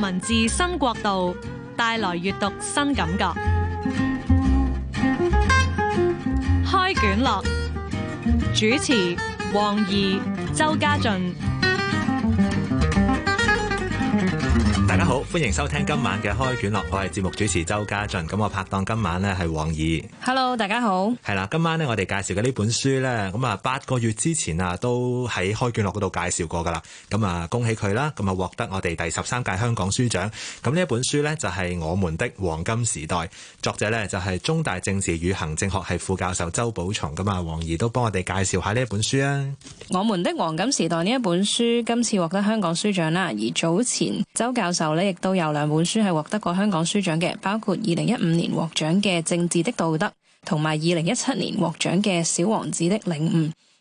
文字新國度帶來閱讀新感覺，開卷樂，主持黃怡、周家俊。歡迎收聽今晚嘅開卷樂，我係節目主持周家俊，咁我拍檔今晚呢係黃儀。Hello，大家好。係啦，今晚呢，我哋介紹嘅呢本書呢，咁啊八個月之前啊都喺開卷樂嗰度介紹過噶啦，咁啊恭喜佢啦，咁啊獲得我哋第十三屆香港書獎。咁呢一本書呢，就是，就係我們的黃金時代，作者呢，就係中大政治與行政學系副教授周保松噶嘛。黃儀都幫我哋介紹下呢一本書啊。我們的黃金時代呢一本書，今次獲得香港書獎啦，而早前周教授呢亦。都有兩本書係獲得過香港書獎嘅，包括二零一五年獲獎嘅《政治的道德》，同埋二零一七年獲獎嘅《小王子的領悟》。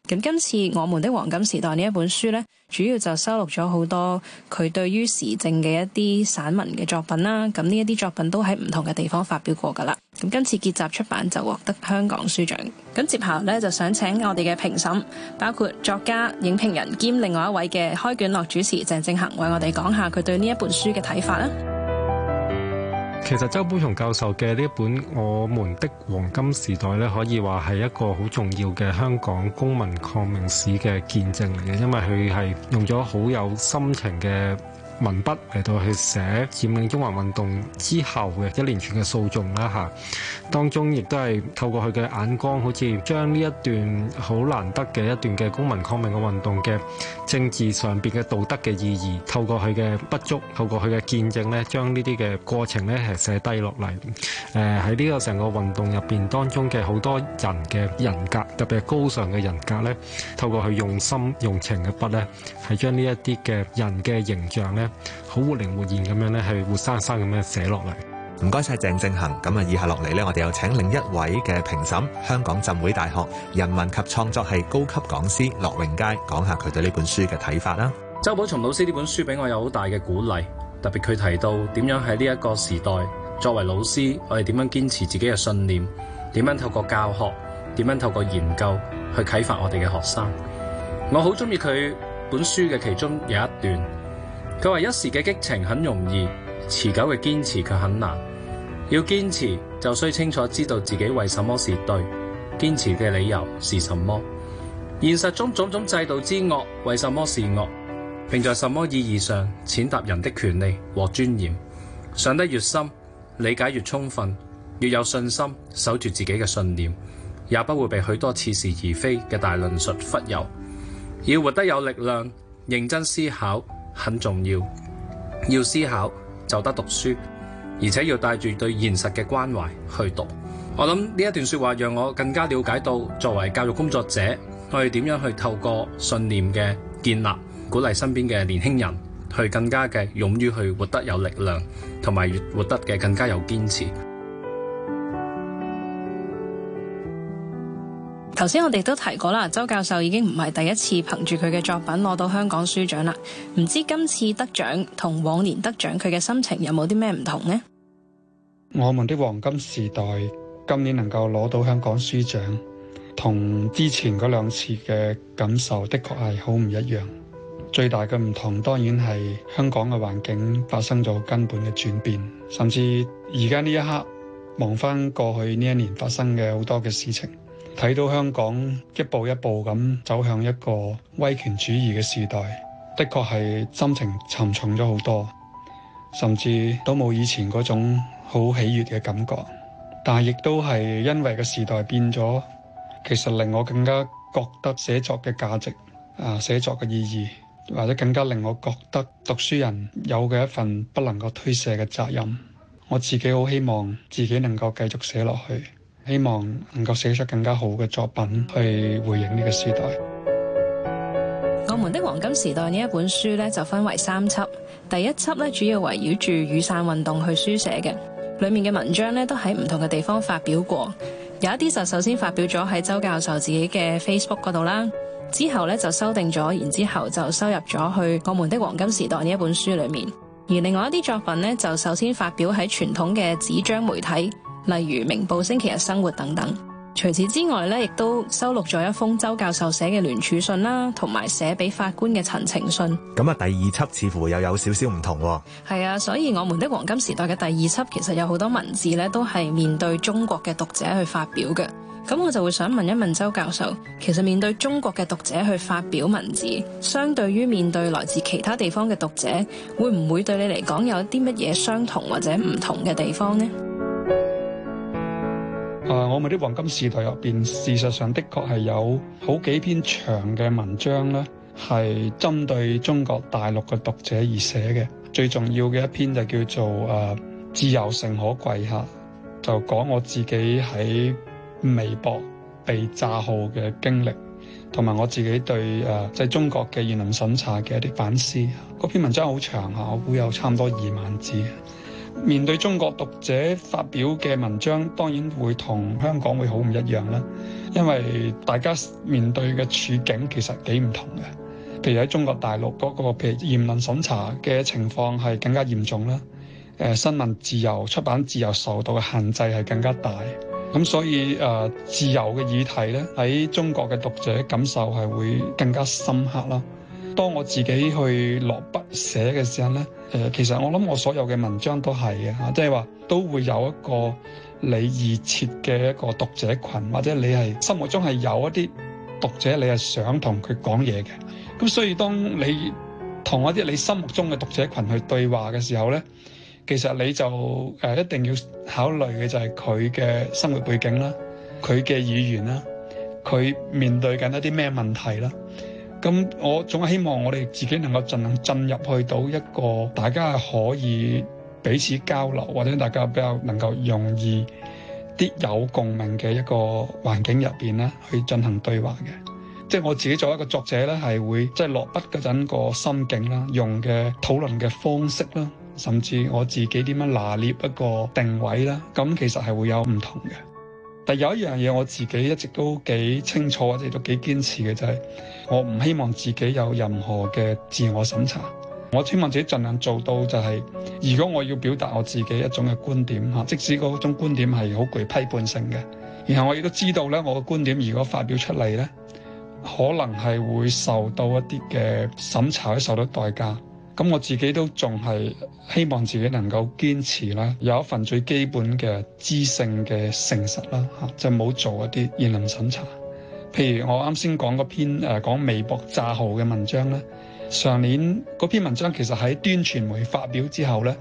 咁今次我們的黃金時代呢一本書呢，主要就收錄咗好多佢對於時政嘅一啲散文嘅作品啦。咁呢一啲作品都喺唔同嘅地方發表過噶啦。咁今次結集出版就獲得香港書獎。咁接下來呢就想請我哋嘅評審，包括作家、影評人兼另外一位嘅開卷樂主持鄭正恒，為我哋講下佢對呢一本書嘅睇法啦。其實周保松教授嘅呢本《我們的黃金時代》咧，可以話係一個好重要嘅香港公民抗命史嘅見證嚟嘅，因為佢係用咗好有心情嘅。文筆嚟到去寫佔領中環運動之後嘅一連串嘅訴訟啦嚇，當中亦都係透過佢嘅眼光，好似將呢一段好難得嘅一段嘅公民抗命嘅運動嘅政治上邊嘅道德嘅意義，透過佢嘅筆觸，透過佢嘅見證咧，將呢啲嘅過程咧係寫低落嚟。誒喺呢個成個運動入邊當中嘅好多人嘅人格，特別係高尚嘅人格咧，透過佢用心用情嘅筆咧，係將呢一啲嘅人嘅形象咧。好活靈活現咁樣咧，係活生生咁樣寫落嚟。唔該晒鄭正恒。咁啊，以下落嚟咧，我哋有請另一位嘅評審，香港浸會大學人文及創作係高級講師駱榮佳，講下佢對呢本書嘅睇法啦。周保松老師呢本書俾我有好大嘅鼓勵，特別佢提到點樣喺呢一個時代作為老師，我哋點樣堅持自己嘅信念，點樣透過教學，點樣透過研究去啟發我哋嘅學生。我好中意佢本書嘅其中有一段。佢話：一時嘅激情很容易，持久嘅堅持卻很難。要堅持就需清楚知道自己為什麼是對，堅持嘅理由是什麼。現實中種種制度之惡，為什麼是惡？並在什麼意義上踐踏人的權利和尊嚴？想得越深，理解越充分，越有信心守住自己嘅信念，也不會被許多似是而非嘅大論述忽悠。要活得有力量，認真思考。很重要，要思考就得讀書，而且要帶住對現實嘅關懷去讀。我諗呢一段說話，讓我更加了解到作為教育工作者，我哋點樣去透過信念嘅建立，鼓勵身邊嘅年輕人，去更加嘅勇於去活得有力量，同埋活得嘅更加有堅持。頭先我哋都提過啦，周教授已經唔係第一次憑住佢嘅作品攞到香港書獎啦。唔知今次得獎同往年得獎佢嘅心情有冇啲咩唔同呢？我們的黃金時代今年能夠攞到香港書獎，同之前嗰兩次嘅感受的確係好唔一樣。最大嘅唔同當然係香港嘅環境發生咗根本嘅轉變，甚至而家呢一刻望翻過去呢一年發生嘅好多嘅事情。睇到香港一步一步咁走向一個威權主義嘅時代，的確係心情沉重咗好多，甚至都冇以前嗰種好喜悦嘅感覺，但係亦都係因為個時代變咗，其實令我更加覺得寫作嘅價值啊，寫作嘅意義，或者更加令我覺得讀書人有嘅一份不能夠推卸嘅責任。我自己好希望自己能夠繼續寫落去。希望能夠寫出更加好嘅作品去回應呢個時代。我們的黃金時代呢一本書呢，就分為三輯，第一輯呢，主要圍繞住雨傘運動去書寫嘅，裏面嘅文章呢，都喺唔同嘅地方發表過，有一啲就首先發表咗喺周教授自己嘅 Facebook 嗰度啦，之後呢，就修訂咗，然之後就收入咗去我們的黃金時代呢一本書裏面，而另外一啲作品呢，就首先發表喺傳統嘅紙張媒體。例如《明報星期日生活》等等，除此之外咧，亦都收錄咗一封周教授寫嘅聯署信啦，同埋寫俾法官嘅陳情信。咁啊，第二輯似乎又有少少唔同。係啊，所以我們的黃金時代嘅第二輯其實有好多文字咧，都係面對中國嘅讀者去發表嘅。咁我就會想問一問周教授，其實面對中國嘅讀者去發表文字，相對於面對來自其他地方嘅讀者，會唔會對你嚟講有啲乜嘢相同或者唔同嘅地方呢？啊、呃！我們的黃金時代入邊，事實上的確係有好幾篇長嘅文章呢，係針對中國大陸嘅讀者而寫嘅。最重要嘅一篇就叫做《啊、呃、自由誠可貴》嚇，就講我自己喺微博被炸號嘅經歷，同埋我自己對誒即係中國嘅言論審查嘅一啲反思。嗰篇文章好長嚇，我估有差唔多二萬字。面對中國讀者發表嘅文章，當然會同香港會好唔一樣啦。因為大家面對嘅處境其實幾唔同嘅，譬如喺中國大陸嗰、那個譬如言論審查嘅情況係更加嚴重啦。誒、呃、新聞自由、出版自由受到嘅限制係更加大。咁所以誒、呃、自由嘅議題咧，喺中國嘅讀者感受係會更加深刻啦。當我自己去落筆寫嘅時候呢，誒，其實我諗我所有嘅文章都係嘅，即係話都會有一個你預設嘅一個讀者群，或者你係心目中係有一啲讀者你，你係想同佢講嘢嘅。咁所以當你同一啲你心目中嘅讀者群去對話嘅時候呢，其實你就誒一定要考慮嘅就係佢嘅生活背景啦，佢嘅語言啦，佢面對緊一啲咩問題啦。咁我總係希望我哋自己能夠進進入去到一個大家係可以彼此交流，或者大家比較能夠容易啲有共鳴嘅一個環境入邊咧，去進行對話嘅。即係我自己作為一個作者咧，係會即係落筆嗰陣個心境啦，用嘅討論嘅方式啦，甚至我自己點樣拿捏一個定位啦，咁其實係會有唔同嘅。但有一樣嘢我自己一直都幾清楚，或者都幾堅持嘅就係，我唔希望自己有任何嘅自我審查。我希望自己儘量做到就係，如果我要表達我自己一種嘅觀點嚇，即使嗰種觀點係好具批判性嘅，然後我亦都知道咧，我嘅觀點如果發表出嚟咧，可能係會受到一啲嘅審查，受到代價。咁我自己都仲係希望自己能夠堅持啦，有一份最基本嘅知性嘅誠實啦嚇，就冇、是、做一啲言論審查。譬如我啱先講嗰篇誒、啊、講微博詐號嘅文章咧，上年嗰篇文章其實喺端傳媒發表之後咧，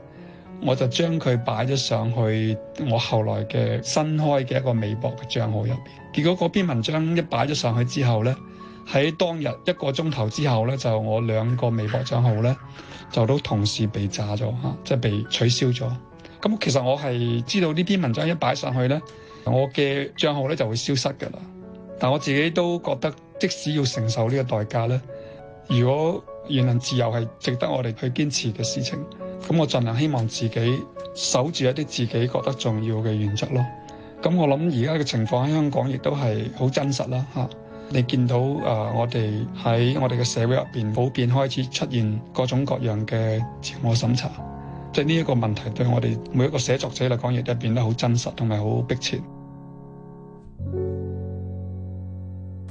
我就將佢擺咗上去我後來嘅新開嘅一個微博嘅帳號入邊。結果嗰篇文章一擺咗上去之後咧。喺當日一個鐘頭之後呢，就我兩個微博帳號呢，就都同時被炸咗嚇，即係被取消咗。咁其實我係知道呢篇文章一擺上去呢，我嘅帳號呢就會消失㗎啦。但我自己都覺得，即使要承受呢個代價呢，如果言論自由係值得我哋去堅持嘅事情，咁我盡量希望自己守住一啲自己覺得重要嘅原則咯。咁我諗而家嘅情況喺香港亦都係好真實啦嚇。啊你見到誒、呃，我哋喺我哋嘅社會入邊，普遍開始出現各種各樣嘅自我審查，即呢一個問題對我哋每一個寫作者嚟講，亦都變得好真實同埋好迫切。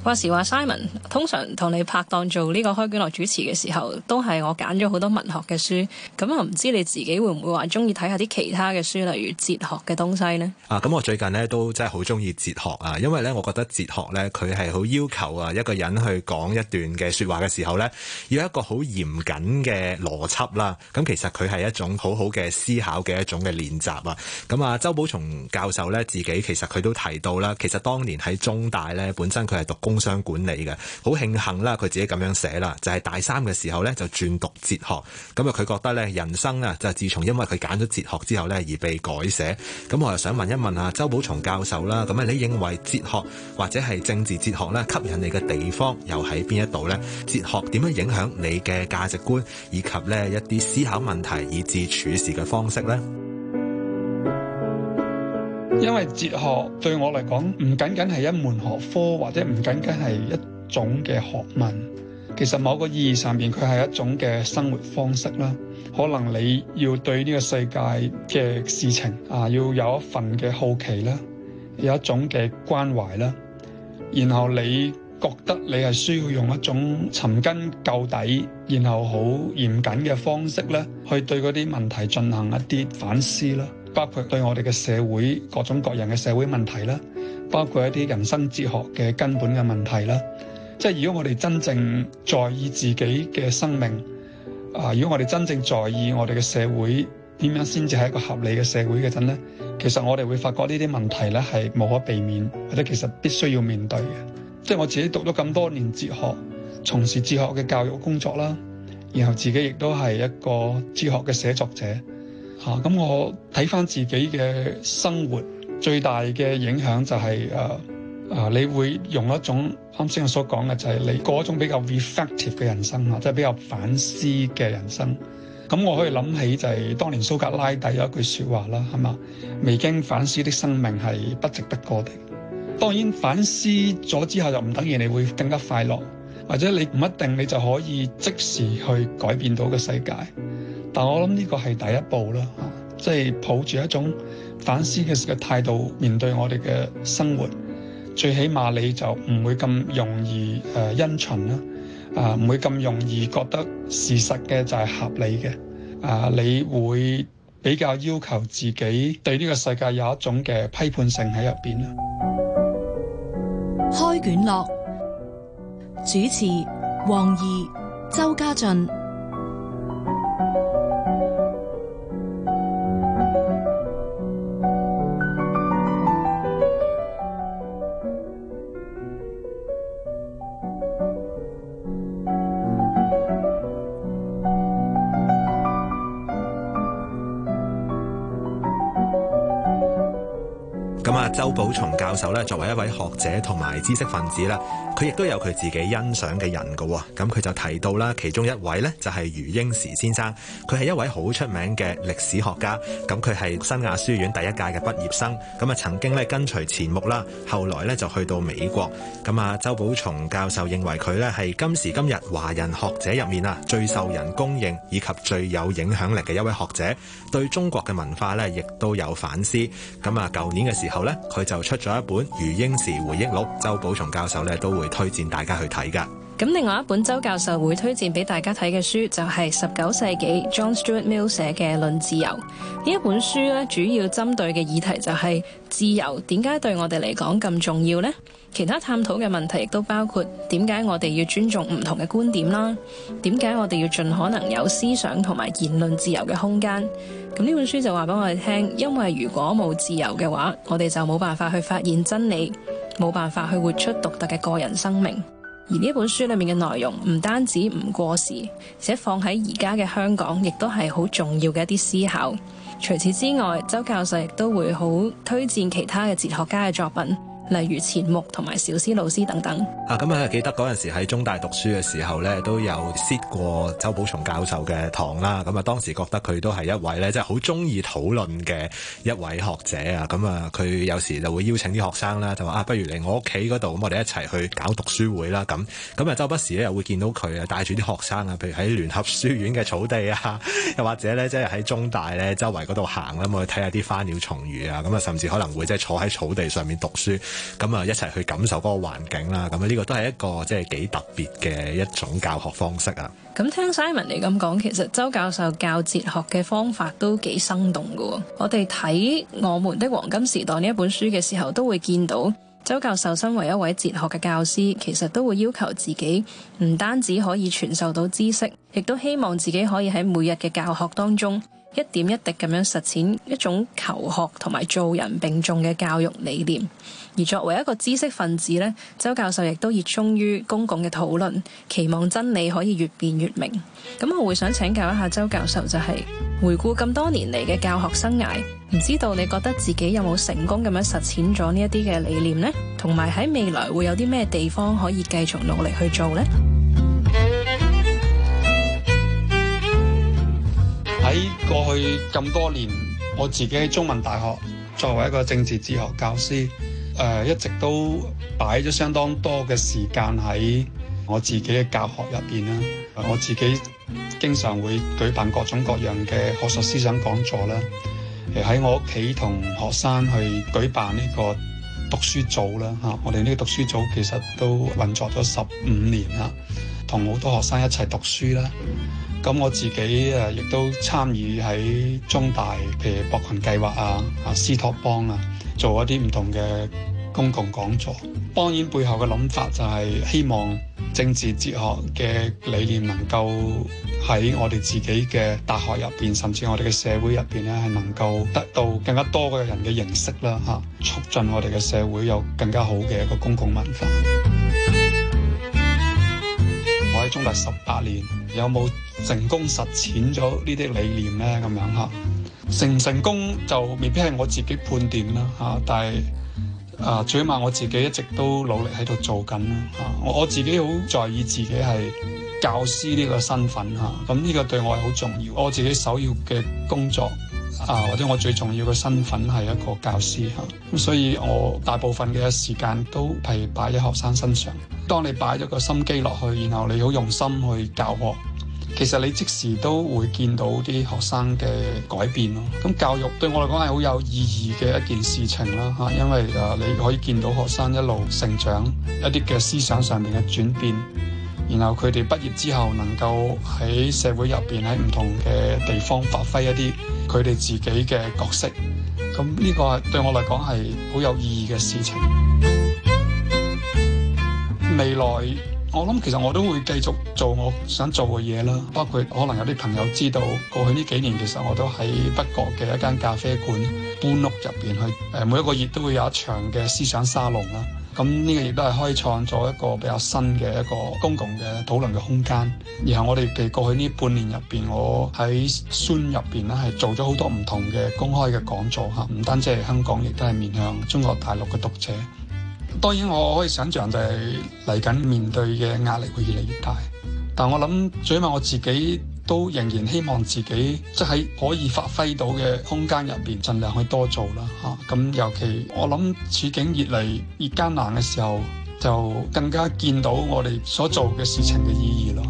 話時話 Simon，通常同你拍檔做呢個開卷樂主持嘅時候，都係我揀咗好多文學嘅書。咁啊，唔知你自己會唔會話鍾意睇下啲其他嘅書，例如哲學嘅東西呢？啊，咁我最近呢，都真係好鍾意哲學啊，因為咧我覺得哲學咧佢係好要求啊一個人去講一段嘅説話嘅時候咧，要一個好嚴謹嘅邏輯啦。咁其實佢係一種好好嘅思考嘅一種嘅練習啊。咁、嗯、啊，周保松教授咧自己其實佢都提到啦，其實當年喺中大咧本身佢係讀工商管理嘅，好慶幸啦，佢自己咁樣寫啦，就係大三嘅時候呢，就轉讀哲學咁啊。佢覺得呢，人生啊，就係自從因為佢揀咗哲學之後呢而被改寫。咁我又想問一問啊，周保松教授啦，咁啊，你認為哲學或者係政治哲學呢，吸引你嘅地方又喺邊一度呢？哲學點樣影響你嘅價值觀以及呢一啲思考問題，以至處事嘅方式呢？因為哲學對我嚟講，唔僅僅係一門學科，或者唔僅僅係一種嘅學問。其實某個意義上面，佢係一種嘅生活方式啦。可能你要對呢個世界嘅事情啊，要有一份嘅好奇啦，有一種嘅關懷啦。然後你覺得你係需要用一種尋根究底，然後好嚴謹嘅方式咧，去對嗰啲問題進行一啲反思啦。包括對我哋嘅社會各種各樣嘅社會問題啦，包括一啲人生哲學嘅根本嘅問題啦。即係如果我哋真正在意自己嘅生命，啊，如果我哋真正在意我哋嘅社會點樣先至係一個合理嘅社會嘅陣呢？其實我哋會發覺呢啲問題呢係無可避免，或者其實必須要面對嘅。即係我自己讀咗咁多年哲學，從事哲學嘅教育工作啦，然後自己亦都係一個哲學嘅寫作者。吓！咁、啊、我睇翻自己嘅生活，最大嘅影響就係誒誒，你會用一種啱先我所講嘅，就係、是、你過一種比較 reflective 嘅人生吓、啊，即係比較反思嘅人生。咁我可以諗起就係、是、當年蘇格拉底有一句説話啦，係嘛？未經反思的生命係不值得過的。當然反思咗之後，就唔等於你會更加快樂，或者你唔一定你就可以即時去改變到個世界。但我諗呢個係第一步啦，即係抱住一種反思嘅嘅態度面對我哋嘅生活，最起碼你就唔會咁容易誒、呃、因循啦，啊唔會咁容易覺得事實嘅就係合理嘅，啊你會比較要求自己對呢個世界有一種嘅批判性喺入邊啦。開卷樂主持：黃怡、周家俊。周保松教授咧，作為一位學者同埋知識分子啦，佢亦都有佢自己欣賞嘅人噶。咁佢就提到啦，其中一位呢就係余英時先生，佢係一位好出名嘅歷史學家。咁佢係新亞書院第一屆嘅畢業生，咁啊曾經咧跟隨錢穆啦，後來咧就去到美國。咁啊，周保松教授認為佢咧係今時今日華人學者入面啊最受人公認以及最有影響力嘅一位學者，對中國嘅文化咧亦都有反思。咁啊，舊年嘅時候咧。佢就出咗一本《余英時回憶錄》，周保松教授咧，都會推薦大家去睇嘅。咁另外一本周教授會推薦俾大家睇嘅書就係十九世紀 John Stuart Mill 寫嘅《論自由》呢一本書咧，主要針對嘅議題就係自由，點解對我哋嚟講咁重要咧？其他探討嘅問題亦都包括點解我哋要尊重唔同嘅觀點啦，點解我哋要盡可能有思想同埋言論自由嘅空間？咁呢本書就話俾我哋聽，因為如果冇自由嘅話，我哋就冇辦法去發現真理，冇辦法去活出獨特嘅個人生命。而呢本書裏面嘅內容唔單止唔過時，而且放喺而家嘅香港，亦都係好重要嘅一啲思考。除此之外，周教授亦都會好推薦其他嘅哲學家嘅作品。例如錢穆同埋小思老師等等。啊，咁、嗯、啊記得嗰陣時喺中大讀書嘅時候咧，都有 sit 過周保松教授嘅堂啦。咁、嗯、啊，當時覺得佢都係一位咧，即係好中意討論嘅一位學者啊。咁、嗯、啊，佢、嗯、有時就會邀請啲學生啦，就話啊，不如嚟我屋企嗰度，咁、嗯、我哋一齊去搞讀書會啦。咁咁啊，周不時咧又會見到佢啊，帶住啲學生啊，譬如喺聯合書院嘅草地啊，又或者咧即係喺中大咧周圍嗰度行啦，咁、嗯、去睇下啲花鳥蟲魚啊。咁、嗯、啊，甚至可能會即係坐喺草地上面讀書。咁啊、嗯，一齊去感受嗰個環境啦！咁、嗯、啊，呢、這個都係一個即係幾特別嘅一種教學方式啊！咁聽 Simon 你咁講，其實周教授教哲學嘅方法都幾生動㗎喎。我哋睇《我們的黃金時代》呢一本書嘅時候，都會見到周教授身為一位哲學嘅教師，其實都會要求自己唔單止可以傳授到知識，亦都希望自己可以喺每日嘅教學當中。一點一滴咁樣實踐一種求學同埋做人並重嘅教育理念，而作為一個知識分子呢，周教授亦都熱衷於公共嘅討論，期望真理可以越辯越明。咁我會想請教一下周教授，就是，就係回顧咁多年嚟嘅教學生涯，唔知道你覺得自己有冇成功咁樣實踐咗呢一啲嘅理念呢？同埋喺未來會有啲咩地方可以繼續努力去做呢？喺過去咁多年，我自己喺中文大學作為一個政治哲學教師，誒、呃，一直都擺咗相當多嘅時間喺我自己嘅教學入邊啦。我自己經常會舉辦各種各樣嘅學術思想講座啦，誒、呃，喺我屋企同學生去舉辦呢個讀書組啦。吓、啊，我哋呢個讀書組其實都運作咗十五年啦，同好多學生一齊讀書啦。啊咁我自己誒亦都參與喺中大，譬如博群計劃啊、啊思托邦啊，做一啲唔同嘅公共講座。當然背後嘅諗法就係希望政治哲學嘅理念能夠喺我哋自己嘅大學入邊，甚至我哋嘅社會入邊咧，係能夠得到更加多嘅人嘅認識啦，嚇、啊，促進我哋嘅社會有更加好嘅一個公共文化。我喺中大十八年。有冇成功實踐咗呢啲理念呢？咁樣嚇，成唔成功就未必係我自己判斷啦嚇。但係啊，最起碼我自己一直都努力喺度做緊啦嚇。我、啊、我自己好在意自己係教師呢個身份嚇，咁、啊、呢、呢個對我係好重要。我自己首要嘅工作啊，或者我最重要嘅身份係一個教師嚇。咁、啊、所以我大部分嘅時間都係擺喺學生身上。當你擺咗個心機落去，然後你好用心去教學，其實你即時都會見到啲學生嘅改變咯。咁教育對我嚟講係好有意義嘅一件事情啦嚇，因為誒你可以見到學生一路成長，一啲嘅思想上面嘅轉變，然後佢哋畢業之後能夠喺社會入邊喺唔同嘅地方發揮一啲佢哋自己嘅角色，咁呢個對我嚟講係好有意義嘅事情。未來，我諗其實我都會繼續做我想做嘅嘢啦。包括可能有啲朋友知道，過去呢幾年其實我都喺北角嘅一間咖啡館搬屋入邊去，誒每一個月都會有一場嘅思想沙龍啦。咁呢個亦都係開創咗一個比較新嘅一個公共嘅討論嘅空間。然後我哋嘅過去呢半年入邊，我喺 Zoom 入邊咧係做咗好多唔同嘅公開嘅講座嚇，唔單止係香港，亦都係面向中國大陸嘅讀者。當然我可以想象就係嚟緊面對嘅壓力會越嚟越大，但我諗最起碼我自己都仍然希望自己即係可以發揮到嘅空間入邊，盡量去多做啦嚇。咁、啊嗯、尤其我諗處境越嚟越艱難嘅時候，就更加見到我哋所做嘅事情嘅意義咯。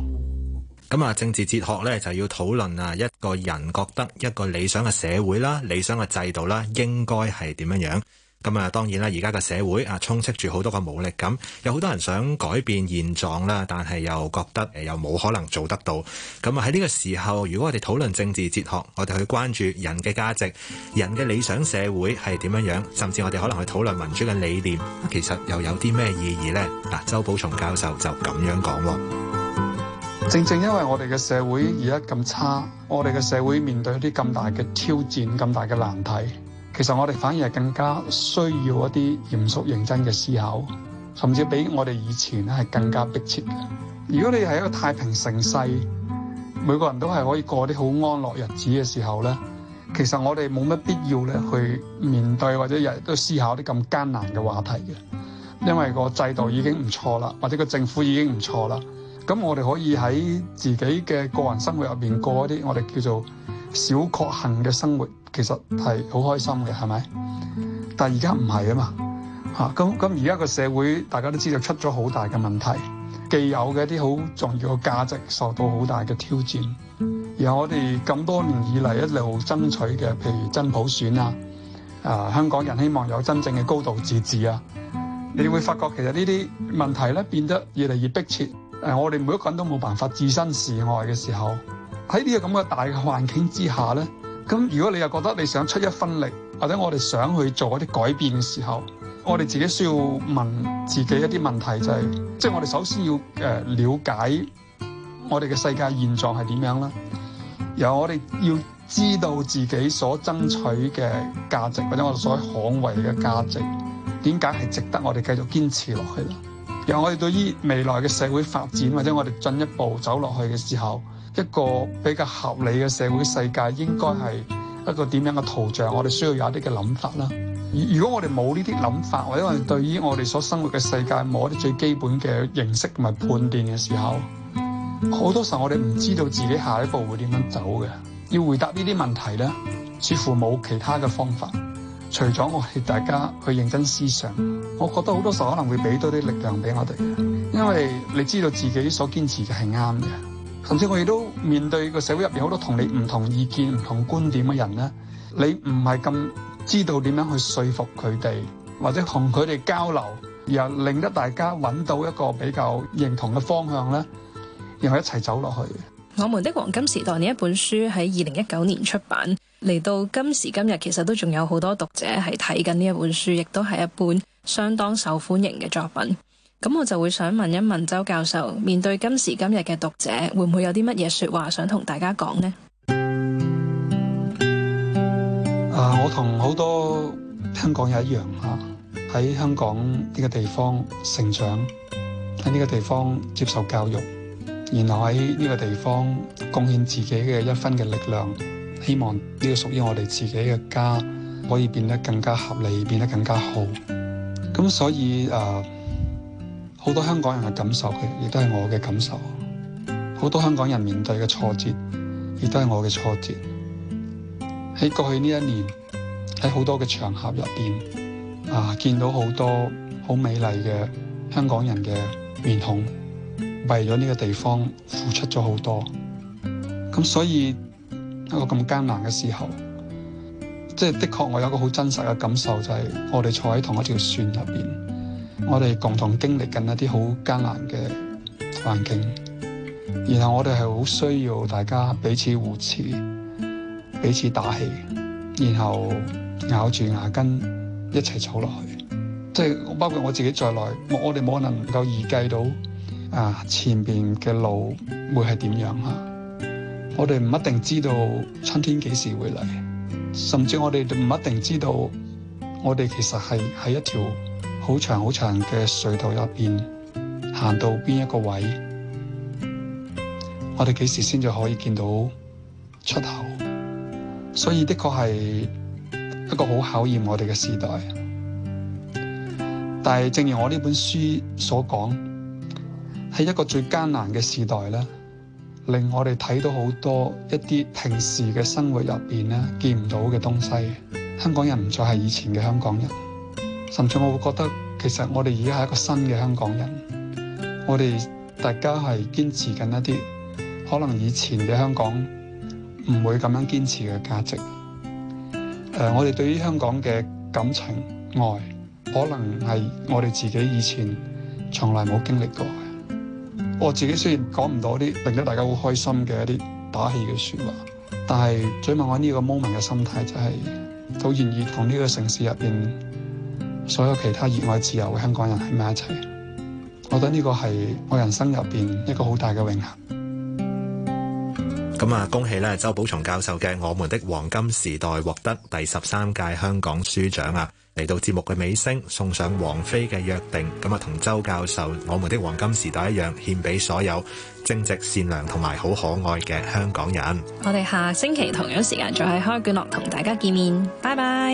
咁啊，政治哲學咧就要討論啊，一個人覺得一個理想嘅社會啦、理想嘅制度啦，應該係點樣樣？咁啊，當然啦！而家嘅社會啊，充斥住好多個武力，咁有好多人想改變現狀啦，但係又覺得誒、呃、又冇可能做得到。咁啊，喺呢個時候，如果我哋討論政治哲學，我哋去關注人嘅價值、人嘅理想社會係點樣樣，甚至我哋可能去討論民主嘅理念，其實又有啲咩意義咧？嗱，周保松教授就咁樣講，正正因為我哋嘅社會而家咁差，我哋嘅社會面對啲咁大嘅挑戰，咁大嘅難題。其實我哋反而係更加需要一啲嚴肅認真嘅思考，甚至比我哋以前咧，係更加迫切嘅。如果你係一個太平盛世，每個人都係可以過啲好安樂日子嘅時候咧，其實我哋冇乜必要咧去面對或者日日都思考啲咁艱難嘅話題嘅，因為個制度已經唔錯啦，或者個政府已經唔錯啦。咁我哋可以喺自己嘅個人生活入邊過一啲我哋叫做小確幸嘅生活，其實係好開心嘅，係咪？但而家唔係啊嘛，嚇、啊！咁咁而家個社會，大家都知道出咗好大嘅問題，既有嘅一啲好重要嘅價值受到好大嘅挑戰，而我哋咁多年以嚟一路爭取嘅，譬如真普選啊，啊香港人希望有真正嘅高度自治啊，你會發覺其實呢啲問題咧變得越嚟越迫切。誒、啊，我哋每一個人都冇辦法置身事外嘅時候。喺呢個咁嘅大嘅環境之下呢，咁如果你又覺得你想出一分力，或者我哋想去做一啲改變嘅時候，我哋自己需要問自己一啲問題，就係，就係即係我哋首先要誒了解我哋嘅世界現狀係點樣啦。然後我哋要知道自己所爭取嘅價值，或者我哋所謂捍衞嘅價值，點解係值得我哋繼續堅持落去啦。然後我哋對於未來嘅社會發展，或者我哋進一步走落去嘅時候。一個比較合理嘅社會世界應該係一個點樣嘅圖像？我哋需要有一啲嘅諗法啦。如果我哋冇呢啲諗法，或者我哋對於我哋所生活嘅世界冇一啲最基本嘅認識同埋判斷嘅時候，好多時候我哋唔知道自己下一步會點樣走嘅。要回答呢啲問題呢，似乎冇其他嘅方法，除咗我哋大家去認真思想。我覺得好多時候可能會俾多啲力量俾我哋，因為你知道自己所堅持嘅係啱嘅。甚至我亦都面對個社會入邊好多同你唔同意見、唔同觀點嘅人咧，你唔係咁知道點樣去說服佢哋，或者同佢哋交流，又令得大家揾到一個比較認同嘅方向咧，然後一齊走落去。我們的黃金時代呢一本書喺二零一九年出版，嚟到今時今日其實都仲有好多讀者係睇緊呢一本書，亦都係一本相當受歡迎嘅作品。咁我就會想問一問周教授，面對今時今日嘅讀者，會唔會有啲乜嘢說話想同大家講呢？啊，我同好多香港人一樣啊，喺香港呢個地方成長，喺呢個地方接受教育，然後喺呢個地方貢獻自己嘅一分嘅力量，希望呢個屬於我哋自己嘅家可以變得更加合理，變得更加好。咁所以誒。好多香港人嘅感受，亦都係我嘅感受。好多香港人面對嘅挫折，亦都係我嘅挫折。喺過去呢一年，喺好多嘅場合入邊，啊，見到好多好美麗嘅香港人嘅面孔，為咗呢個地方付出咗好多。咁所以一個咁艱難嘅時候，即係的確我有個好真實嘅感受，就係我哋坐喺同一條船入邊。我哋共同經歷緊一啲好艱難嘅環境，然後我哋係好需要大家彼此扶持、彼此打氣，然後咬住牙根一齊走落去。即係包括我自己在內，我我哋冇可能能夠預計到啊前面嘅路會係點樣㗎。我哋唔一定知道春天幾時會嚟，甚至我哋唔一定知道我哋其實係係一條好長好長嘅隧道入邊，行到邊一個位，我哋幾時先至可以見到出口？所以的確係一個好考驗我哋嘅時代。但係正如我呢本書所講，喺一個最艱難嘅時代咧，令我哋睇到好多一啲平時嘅生活入邊咧見唔到嘅東西。香港人唔再係以前嘅香港人。甚至我會覺得，其實我哋而家係一個新嘅香港人，我哋大家係堅持緊一啲可能以前嘅香港唔會咁樣堅持嘅價值。誒、呃，我哋對於香港嘅感情愛，可能係我哋自己以前從來冇經歷過嘅。我自己雖然講唔到啲令到大家好開心嘅一啲打氣嘅説話，但係最問我呢個 moment 嘅心態，就是，就係好願意同呢個城市入邊，所有其他熱愛自由嘅香港人喺埋一齊，我覺得呢個係我人生入邊一個好大嘅榮幸。咁啊，恭喜咧，周保松教授嘅《我們的黃金時代》獲得第十三屆香港書獎啊！嚟到節目嘅尾聲，送上王菲嘅《約定》。咁啊，同周教授《我們的黃金時代》一樣，獻俾所有正直善良同埋好可愛嘅香港人。我哋下星期同樣時間再喺開卷樂同大家見面，拜拜。